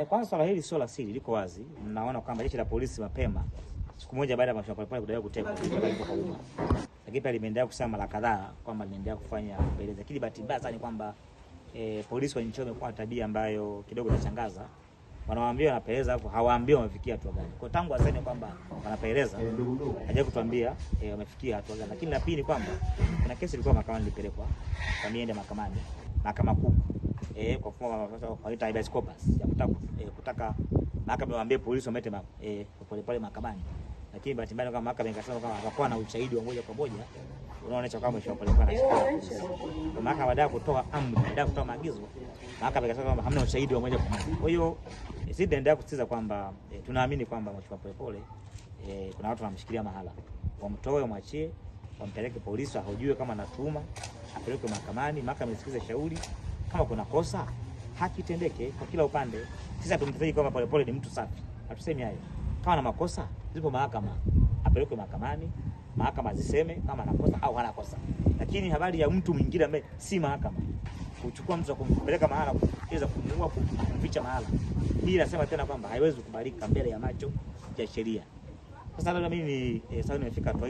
E, kwanza swala hili sio la siri, liko wazi. Mnaona kwamba jeshi la polisi mapema siku moja baada ya Mheshimiwa pale kudaiwa kutekwa lakini pia limeendelea kusema mara kadhaa kwamba linaendelea kufanya upelelezi, lakini bahati mbaya sana ni kwamba e, polisi wa nchi wamekuwa na tabia ambayo kidogo inachangaza. Wanawaambia wanapeleza hapo hawaambii wamefikia hatua gani. Kwa tangu aseme kwamba wanapeleza, haja eh, kutuambia e, wamefikia hatua gani. Lakini la pili ni kwamba kuna kesi ilikuwa mahakamani, ilipelekwa kwa miende mahakamani, mahakama kuu eh, kwa mfumo wa kuita habeas corpus ya kutaka eh, kutaka mahakama waambie polisi wamete mama eh, pole pole mahakamani, lakini bahati mbaya kama mahakama ikasema kama hakuwa na ushahidi wa moja kwa moja unaonesha kama mwisho pole pole anashikiliwa, kwa mahakama baada ya kutoa amri, baada ya kutoa maagizo, mahakama ikasema kama hamna ushahidi wa moja kwa moja. Kwa hiyo eh, sisi tunaendelea kusisitiza kwamba eh, tunaamini kwamba mwisho pole pole eh, kuna watu wanamshikilia mahala, wamtoe wamwachie, wampeleke polisi, ahojue kama anatuma, apelekwe mahakamani, mahakama isikize shauri kama kuna kosa haki itendeke kwa kila upande. Sisi hatumtaki kwamba Polepole ni mtu safi, hatusemi hayo. Kama na makosa, zipo mahakama, apelekwe mahakamani, mahakama ziseme kama ana kosa au hana kosa. Lakini habari ya mtu mwingine ambaye si mahakama, kuchukua mtu kumpeleka mahala, kuweza kumuua, kumficha mahala, hii nasema tena kwamba haiwezi kukubalika mbele ya macho ya sheria. Sasa labda mimi eh, sasa nimefika